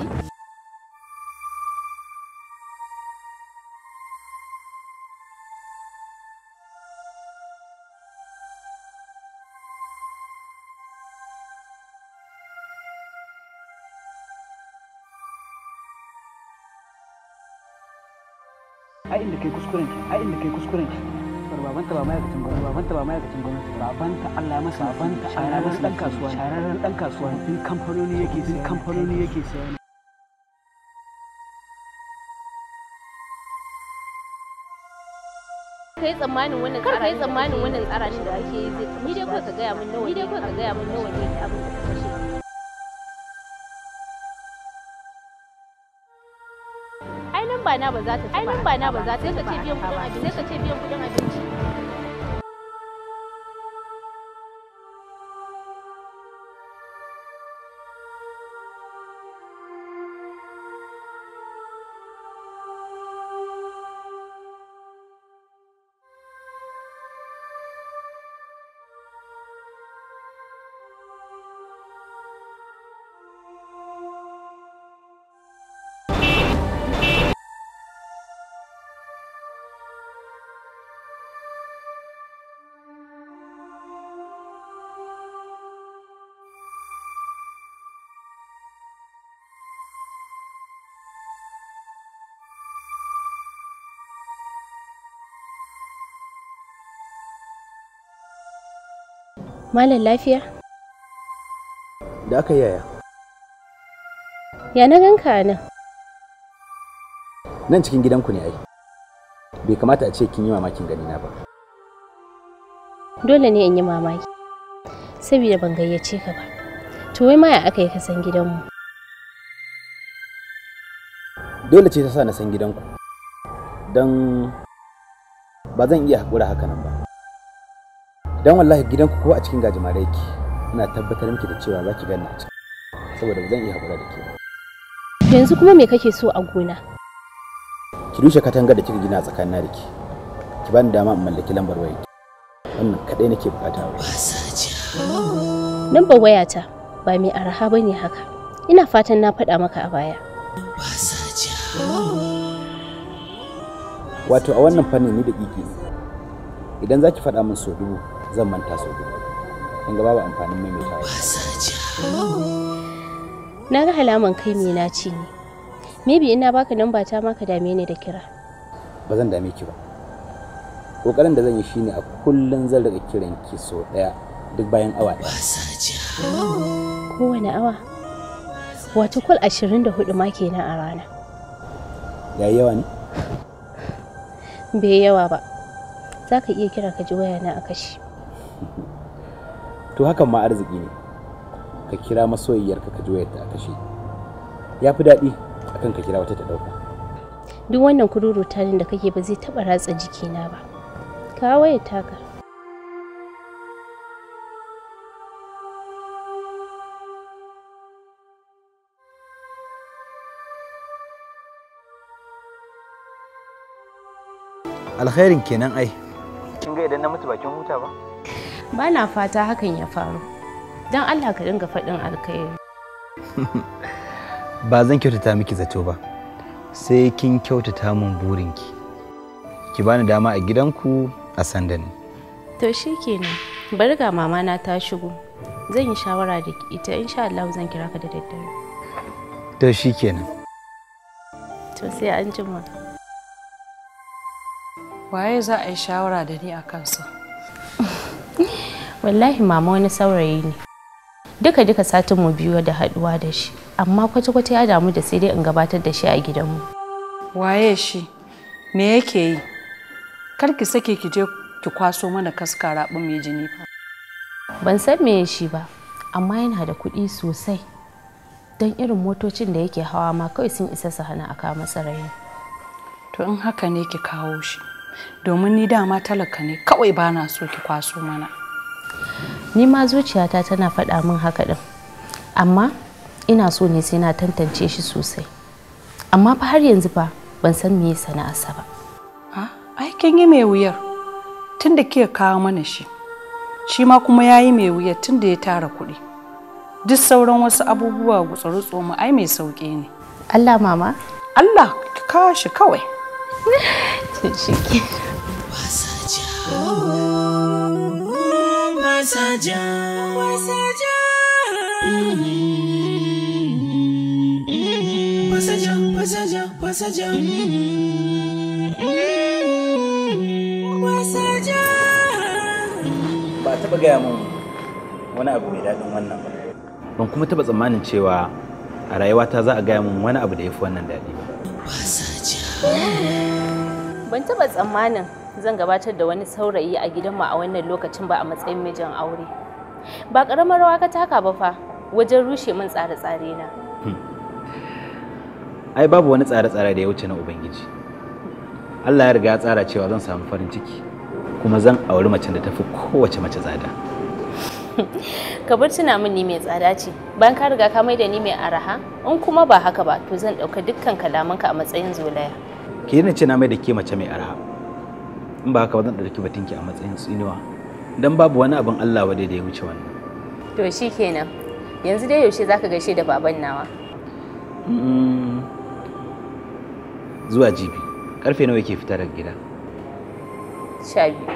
Speaker 8: ai inda kai kuskuren ki ai inda kai kuskuren ki babanta ba ma'aikacin gwamnati babanta ba ma'aikacin gwamnati babanta Allah ya masa babanta Allah ya masa dan kasuwa shararren dan kasuwa in kamfanoni yake din kamfanoni yake sayan
Speaker 4: kai tsammanin wannan tsara kai tsammanin wannan tsara shi da ake yi ni dai kawai ka gaya min nawa ni dai kawai ka gaya min nawa ne abin da kake ba na ba za ta ci ba. ainihin ba na ba za ta ci ba. Sai ka ce biyan kudin abinci. Malam lafiya? Da aka yaya. Ya na ganka nan?
Speaker 5: Nan cikin gidanku ne ai. Bai kamata a ce kin yi mamakin gani na ba.
Speaker 4: Dole ne in yi mamaki. Saboda ban gayyace ka ba. To wai ma ya aka yi ka san gidanmu?
Speaker 5: Dole ce ta sa na san gidanku. Don ba zan iya haƙura haka nan ba. dan wallahi gidanku ko a cikin gajimare yake ina tabbatar miki da cewa za ki ganna a saboda iya haƙura da ke
Speaker 4: yanzu kuma me kake so a gona
Speaker 5: ki rushe katanga da kika gina tsakanin na da ki bani dama in mallaki lambar waya wannan kadai nake bukata ba
Speaker 4: lambar wayata ba mai araha bane haka ina fatan na faɗa maka a baya
Speaker 5: wato a wannan fannin ni da ƙiƙi idan za ki faɗa min so dubu zan manta su in ga babu amfanin maimaitawa
Speaker 4: na ga halaman kai mai ce ne maybe ina baka namba ta ma ka dame ni da kira
Speaker 5: ba zan dame ki ba kokarin da zan yi shine a kullun zan riga kiran ki so daya duk bayan awa daya
Speaker 4: kowane awa wato kul 24 ma kenan a rana yayi yawa ne bai yawa ba za ka iya kira ka ji wayana a kashi
Speaker 5: to hakan ma arziki ne ka kira masoyiyarka ka juya ta kashe ya fi daɗi akan ka kira wata ta ɗauka
Speaker 4: duk wannan kururutanin da kake ba zai taɓa ratsa jikina ba ka waye taka
Speaker 5: alkhairin kenan ai kin ga idan na mutu bakin huta ba
Speaker 4: ba na fata hakan ya faru don allah ka dinga faɗin alkhairi
Speaker 5: ba zan kyautata miki zato ba sai kin kyautata mun burinki ki bani dama a gidanku a sanda ne
Speaker 4: to nan, bari ga mama na ta shigo zan yi shawara da ita insha Allah zan kira ka da daddare
Speaker 5: to shi nan.
Speaker 1: to sai an jima waye za a yi shawara da ni a kansa
Speaker 4: wallahi mama wani saurayi ne duka duka satin mu biyu da haduwa da shi amma kwata kwata ya damu da sai dai in gabatar da shi a gidanmu
Speaker 2: waye shi me yake yi kar ki sake ki je ki kwaso mana kaskara bu mai jini fa ban san me shi ba amma yana da kuɗi sosai
Speaker 4: don irin motocin da yake hawa ma kawai sun isa su hana a kawo masa rai to in
Speaker 2: haka ne ki kawo shi domin ni dama talaka ne kawai ba na so ki kwaso mana
Speaker 4: ni ma zuciyata tana faɗa min haka ɗin amma ina so ne sai na tantance shi sosai amma fa har yanzu fa ban san me sana'arsa ba
Speaker 2: ai kin yi mai wuyar tunda kike kika kawo mana shi shi ma kuma ya yi mai wuyar tunda ya tara kuɗi duk sauran wasu abubuwa gutsuru tsoma ai mai sauƙi ne Allah mama Allah ki kawo shi kawai
Speaker 1: Ciki. ja,
Speaker 3: ja, ja, ja.
Speaker 5: Ba taɓa gaya mun wani abu mai daɗin wannan ba. Ban kuma taɓa tsammanin cewa a rayuwata za a gaya mun wani abu da ya fi wannan daɗi ba. Ban
Speaker 4: taɓa tsammanin zan gabatar da wani saurayi a gidanmu a wannan lokacin ba a matsayin mijin aure. Ba ƙaramar rawa ka taka ba fa wajen rushe min tsare-tsare na.
Speaker 5: Ai babu wani tsare-tsare da ya wuce na Ubangiji. Allah ya riga ya tsara cewa zan samu farin ciki kuma zan auri macen da tafi kowace mace tsada.
Speaker 4: ka bar tuna min ni mai tsada ce bayan ka riga ka maida ni mai araha in kuma ba haka ba to zan ɗauka dukkan kalamanka a matsayin zolaya
Speaker 5: ke ni ce na mai da ke mace mai araha in ba haka ba zan ɗauki batunki a matsayin tsinuwa dan babu wani abin Allah wa da ya wuce wannan
Speaker 4: to shikenan yanzu dai yaushe zaka gaishe da baban nawa
Speaker 5: mm-hmm. zuwa jibi karfe nawa yake fita daga gida sha biyu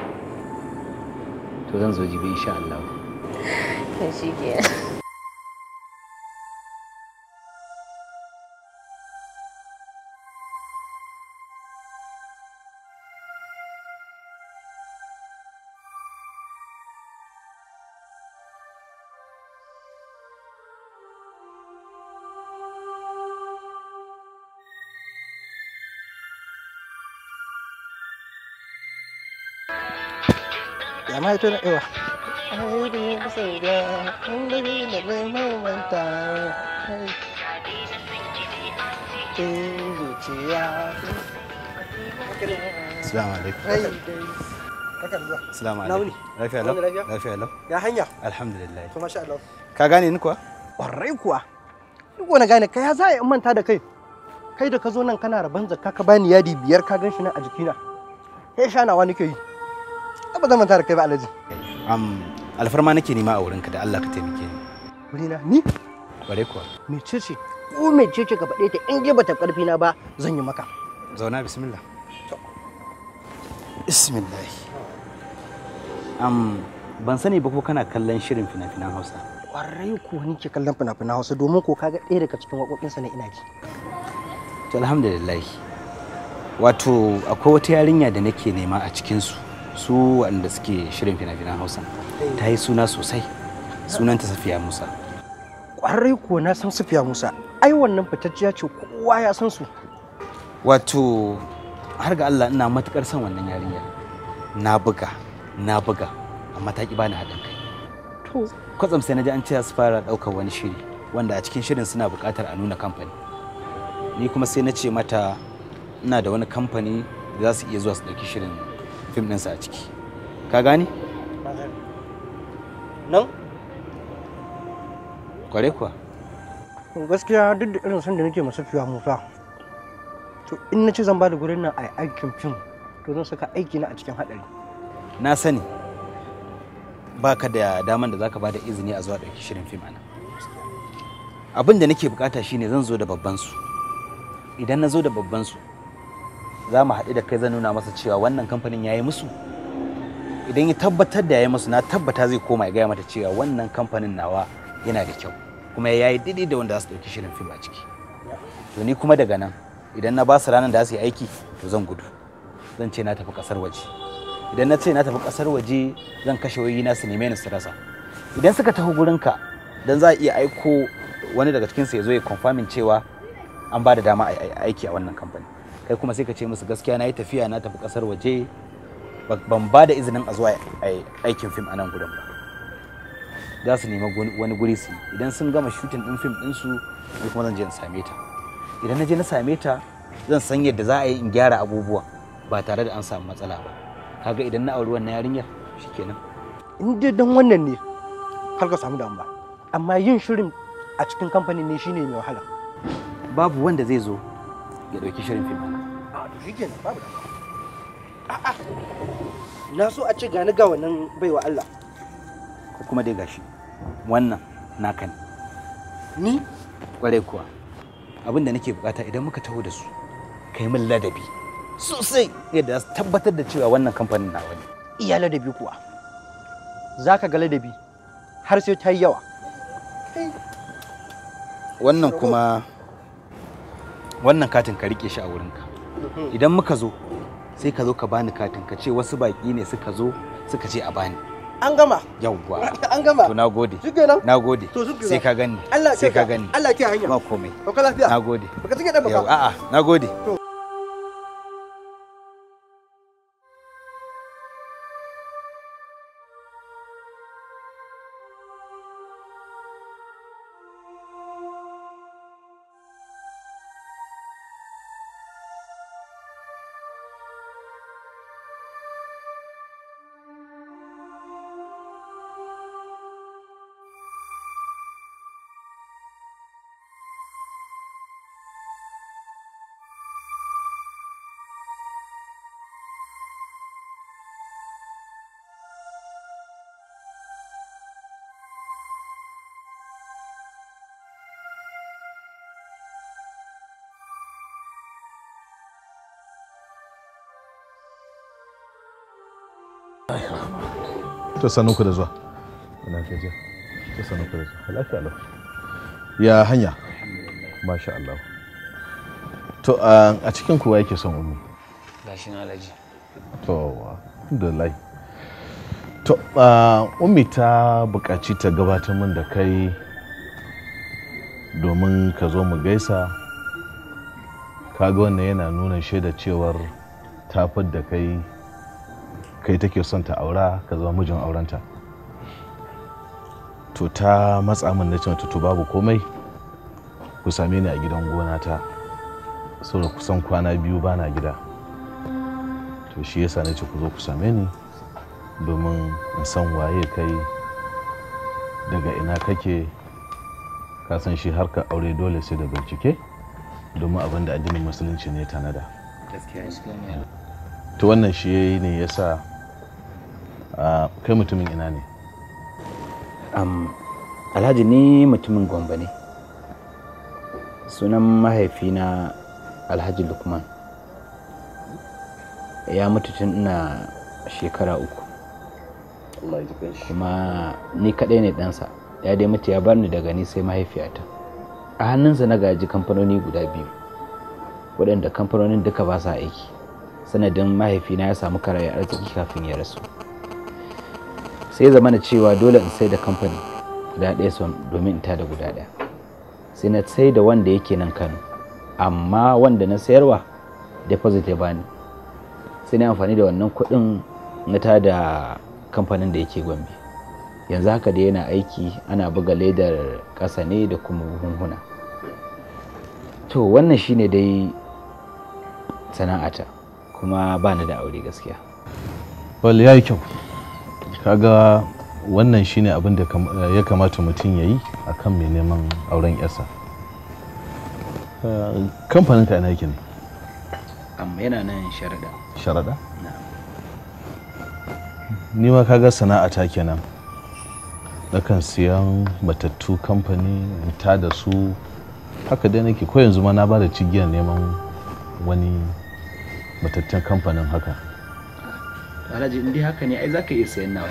Speaker 5: to zan zo jibi insha Allah
Speaker 10: 两买对了。
Speaker 4: sauya in da bai mawanta
Speaker 6: zuciya Assalamu alaikum. Ya hanya?
Speaker 5: Alhamdulillah. Ka gane ni kuwa?
Speaker 6: Ƙwarai kuwa. Duk wani gane kai ya za in manta da kai. Kai da kazo zo nan kana rabon zakka ka bani yadi biyar ka ganshi nan a jikina. Sai shanawa nake yi. zan manta da kai ba
Speaker 5: alfarma nake nema a wurinka da Allah ka taimake ni wurina ni bare kuwa
Speaker 6: ce ko ce ka faɗe ta in je bata karfi na ba zan yi maka
Speaker 5: zauna bismillah bismillah am ban sani ba ko kana kallon shirin fina-finan Hausa
Speaker 6: kwarai ko nake kallon fina-finan Hausa domin ko kaga ɗaya daga cikin waƙoƙinsa na ina ji
Speaker 5: to alhamdulillah wato akwai wata yarinya da nake nema a cikinsu su waɗanda suke shirin fina-finan hausa eh.
Speaker 6: ta yi suna sosai sunanta safiya musa ƙwarai kuwa na san safiya musa ai wannan fitacciya ce kowa ya san su wato har
Speaker 5: ga allah ina matukar son wannan yarinya na buga na buga amma ta ki bani haɗin kai to kwatsam sai na ji an ce su fara ɗaukar wani shiri wanda a cikin shirin suna buƙatar a nuna kamfani ni kuma sai na ce mata ina da wani kamfani da za su iya zuwa su ɗauki shirin fim ɗinsa a ciki ka gane nan kware kuwa
Speaker 6: gaskiya duk da irin son da nake masu fiya musa to in na ce zan ba da gurin nan a aikin fim to zan saka aiki na a cikin haɗari
Speaker 5: na sani baka da daman da zaka da izini a zuwa ɗauki shirin fim anan abin da nake bukata shine zan zo da babban su idan na zo da babban su za mu haɗu da kai zan nuna masa cewa wannan kamfanin ya yi musu idan ya tabbatar da ya yi musu na tabbata zai koma ya gaya mata cewa wannan kamfanin nawa yana da kyau kuma ya yi daidai da wanda za su ɗauki shirin fim a ciki to ni kuma daga nan idan na ba su ranar da za su yi aiki to zan gudu zan ce na tafi ƙasar waje idan na ce na tafi ƙasar waje zan kashe wayoyi na su neme ni su rasa idan suka taho ka dan za a iya aiko wani daga cikinsu ya zo ya confirming cewa an ba da dama a aiki a wannan kamfanin kai kuma sai ka ce musu gaskiya na yi tafiya na tafi kasar waje ban ba da izinin a zuwa aikin fim a nan gudan ba za su nemi wani guri su idan sun gama shutin din fim ɗinsu kuma zan je na same ta idan na je na same ta zan san yadda za a yi in gyara abubuwa ba tare da an samu matsala ba kaga idan na auri wannan yarinyar shikenan
Speaker 6: in dai dan wannan ne har ka samu damuwa amma yin shirin a cikin kamfanin ne shine mai wahala
Speaker 5: babu wanda zai zo ya dauki shirin fim a to
Speaker 6: a'a na so a ce gani ga wannan baiwa Allah
Speaker 5: ko kuma dai gashi wannan naka ne ni kwarai kuwa abin da nake bukata idan muka taho da su kai min ladabi sosai
Speaker 6: yadda su tabbatar da cewa wannan kamfanin na wani. iya ladabi kuwa za ka ga ladabi har sai ta yi yawa wannan kuma
Speaker 5: wannan katin ka rike shi a wurinka idan muka zo sai ka zo ka bani katin ka ce wasu baki ne suka zo suka ce a bani an gama yawwa an gama to nagode shikenan nagode to shikenan sai ka gani sai ka gani Allah ke hanya ba komai to ka lafiya nagode baka tike da a a nagode
Speaker 9: ta sanu ku da zuwa ina gajiya ta sanu ku da zuwa lafiya lau ya hanya masha Allah to a cikin kuwa yake son ummi.
Speaker 5: gashin alaji
Speaker 9: to alhamdulillah to umi ta buƙaci ta gabatar min da kai domin ka zo mu gaisa kaga wannan yana nuna shaida cewar tafar da kai kai take son ta aura ka zama mijin aurenta to ta matsa min na cewa to babu komai ku same ni a gidan gona ta saboda kusan kwana biyu bana gida to shi yasa na ce ku zo ku same ni domin in san waye kai daga ina kake ka san shi harkar aure dole sai da bincike domin abin da addinin musulunci ne tanada to wannan shi ne yasa kai mutumin ina ne alhaji ni mutumin gombe ne
Speaker 5: sunan mahaifina alhaji lukman ya mutu tun ina shekara uku kuma ni kaɗai ne ɗansa ya dai mutu ya bar ni daga ni sai mahaifiyata a hannunsa na gaji kamfanoni guda biyu waɗanda kamfanonin duka ba sa aiki sanadin mahaifina ya samu karaya arziki kafin ya rasu sai zama na cewa dole in sai da kamfani guda ɗaya son domin in da guda ɗaya sai na sai da wanda yake nan kano amma wanda na sayarwa deposit ya bani sai na amfani da wannan kuɗin na da kamfanin da yake gombe yanzu haka da yana aiki ana buga ledar ƙasa ne da kuma buhunhuna to wannan shine dai sana'ata
Speaker 9: kuma ba ni
Speaker 5: da aure gaskiya
Speaker 9: wal ya yi kyau kaga wannan shine abin da eh, ya kamata mutum ya yi a kan mai neman auren yarsa eh, kamfanin ka yake ne
Speaker 5: amma yana nan sharaɗa
Speaker 9: sharaɗa ni ma kaga sana'a ta kenan nakan siyan matattu kamfani ta da su haka dai nake ko yanzu ma na bada da cigiyar neman wani matattun kamfanin haka
Speaker 5: alhaji in dai haka ne ai zaka iya sayan nawa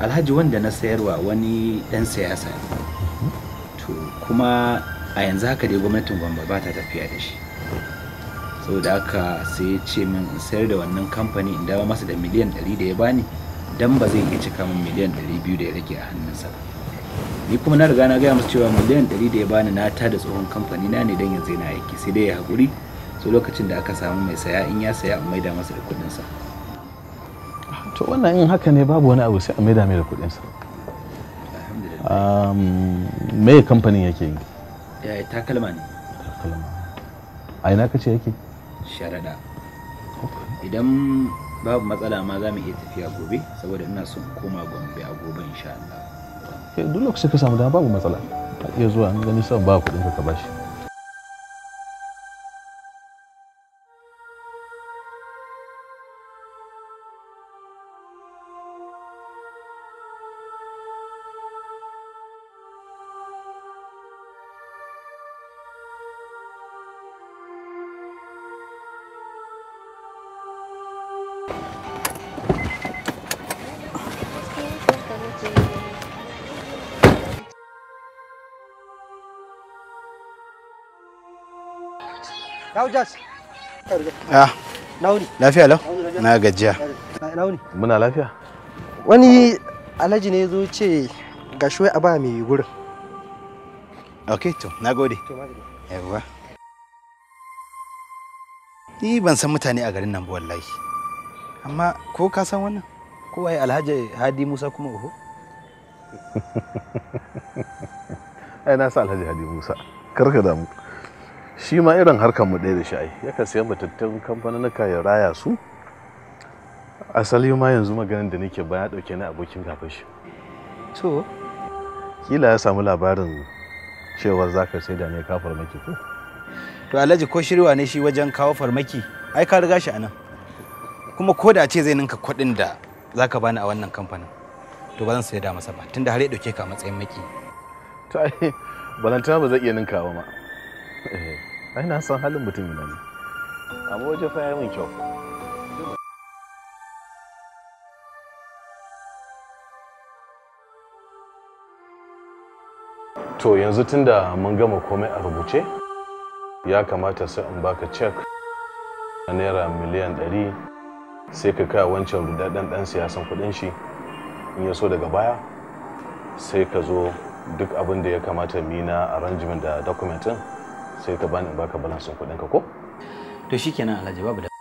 Speaker 5: alhaji wanda na sayarwa wani dan siyasa ne to kuma a yanzu haka dai gwamnatin gwamba ba ta tafiya da shi saboda haka sai ya ce min in sayar da wannan kamfani in dawo masa da miliyan 100 da ya bani dan ba zai iya cika min miliyan 200 da ya rage a hannunsa ba ni kuma na riga na gaya musu cewa miliyan 100 da ya bani na ta da tsohon kamfani na ne don yanzu yana aiki sai dai ya haƙuri so lokacin da aka samu mai saya in ya saya a maida masa da kuɗinsa
Speaker 9: to wannan in haka ne babu wani abu sai a maida mai da kuɗinsa mai um, kamfanin yake yi
Speaker 5: ya eh, takalma ne
Speaker 9: a ina kace yake
Speaker 5: sharaɗa idan babu matsala ma za mu iya tafiya gobe saboda ina son koma gombe a
Speaker 9: gobe insha Allah duk lokacin ka samu dama babu matsala iya zuwa an gani son ba kuɗin ka ka bashi Ya. Lafiya lau? Na gajiya. Muna lafiya. Wani
Speaker 6: alhaji
Speaker 10: ne zo ce ga shi a ba mai gurin.
Speaker 9: Ok, to, na gode.
Speaker 5: Yawwa.
Speaker 10: Ni ban san mutane a garin
Speaker 9: nan ba wallahi.
Speaker 5: Amma ko ka san wannan? Ko waye Alhaji Hadi Musa kuma oho?
Speaker 9: Ai na sa Alhaji Hadi Musa. Karka damu. shi ma irin harkar mu ɗaya da shi ai yakan sayan batattun kamfanunuka ya raya su asali ma yanzu maganin da nake baya ɗauke na abokin gaban shi to kila ya samu labarin cewar za ka sai da
Speaker 5: ne ka farmaki ko to alhaji ko shirwa ne shi wajen kawo farmaki ai ka riga shi anan kuma ko da ce zai ninka kuɗin da za ka bani a wannan kamfanin to ba
Speaker 9: zan sai da masa ba tunda har ya ɗauke ka matsayin maki to ai balantana ba zai iya ninkawa ma Eh. ai na san halin mutum ina ne amma waje fa yayi min kyau to yanzu tunda mun gama komai a rubuce ya kamata sai in baka cek na naira miliyan 100 sai ka kai wancan rudadden dan siyasan kudin shi in ya so daga baya sai ka zo duk abin da ya kamata mina arrangement da documentin sai ka bani baka balansin kuɗin ka ko to shikenan Alhaji babu da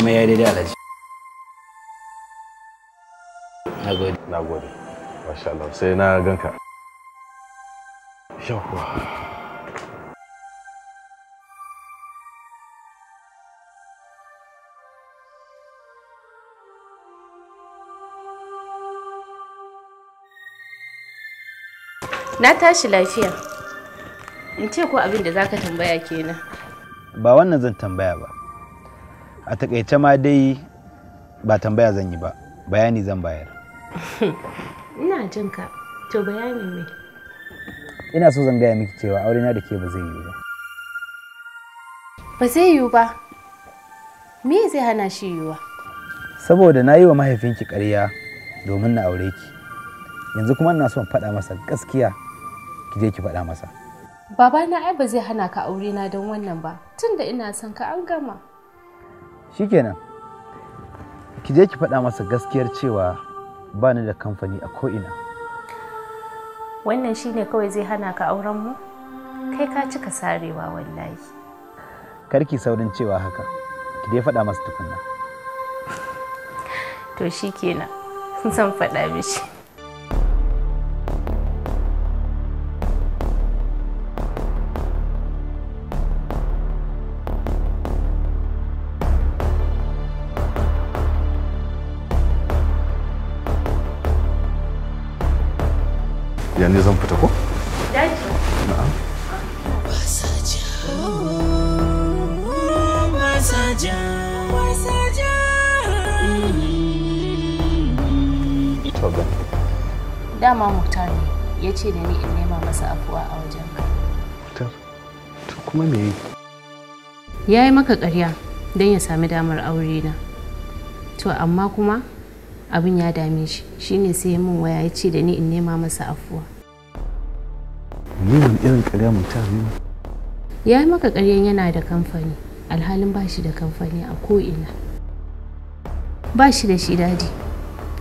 Speaker 9: kuma ya daidai alhaji na gode na gode masha Allah sai na ganka yawwa
Speaker 4: Na tashi lafiya. In ce ko abin da za ka tambaya kenan.
Speaker 5: Ba wannan zan tambaya ba. a takaice ma dai ba tambaya zan yi ba bayani zan bayar
Speaker 4: ina jin ka to bayani me
Speaker 5: ina so zan gaya miki cewa aure na da ke ba zai yiwu ba
Speaker 4: ba zai yiwu ba me zai hana shi yiwuwa
Speaker 5: saboda na yi wa mahaifinki ƙarya domin na aure ki yanzu kuma ina son faɗa masa gaskiya ki je ki faɗa masa
Speaker 4: baba na ai ba zai hana ka aure na don wannan ba tunda ina son ka an gama
Speaker 5: shikenan ki je ki faɗa masa gaskiyar cewa ba ni da kamfani a ko'ina
Speaker 4: wannan shine kawai zai hana ka auren mu kai ka cika sarewa wallahi
Speaker 5: karki saurin cewa haka ki dai faɗa masa tukunna
Speaker 4: to shikenan san faɗa mishi
Speaker 9: ya zan fita ko
Speaker 4: dama muktar ne ya ce da ni in nema masa
Speaker 8: afuwa a wajenka
Speaker 9: muktar to kuma me
Speaker 4: yi ya yi maka ƙarya don ya sami damar aure na to amma kuma abin ya dame shi shine sai min waya ya ce da ni in nema masa afuwa
Speaker 9: ni wani irin ƙarya mun ne?
Speaker 4: ya yi maka ƙaryan yana da kamfani alhalin ba shi da kamfani a ko'ina ba shi da shi daɗi,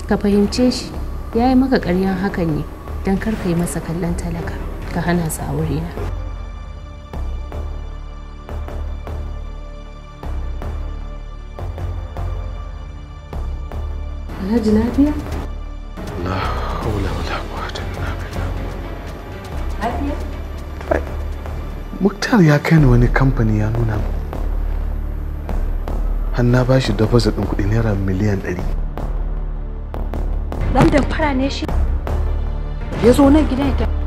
Speaker 4: ka fahimce shi ya yi maka ƙaryan hakan ne don kar ka yi masa kallon talaka ka hana sa a wurina.
Speaker 1: Alhaji lafiya?
Speaker 10: La haula wala quwwata illa billah.
Speaker 2: Lafiya?
Speaker 9: Muktar ya kai ni wani kamfani ya nuna mu. Hanna ba shi deposit ɗin kuɗi naira miliyan ɗari.
Speaker 8: Ɗan fara ne shi? Ya zo nan gidan ya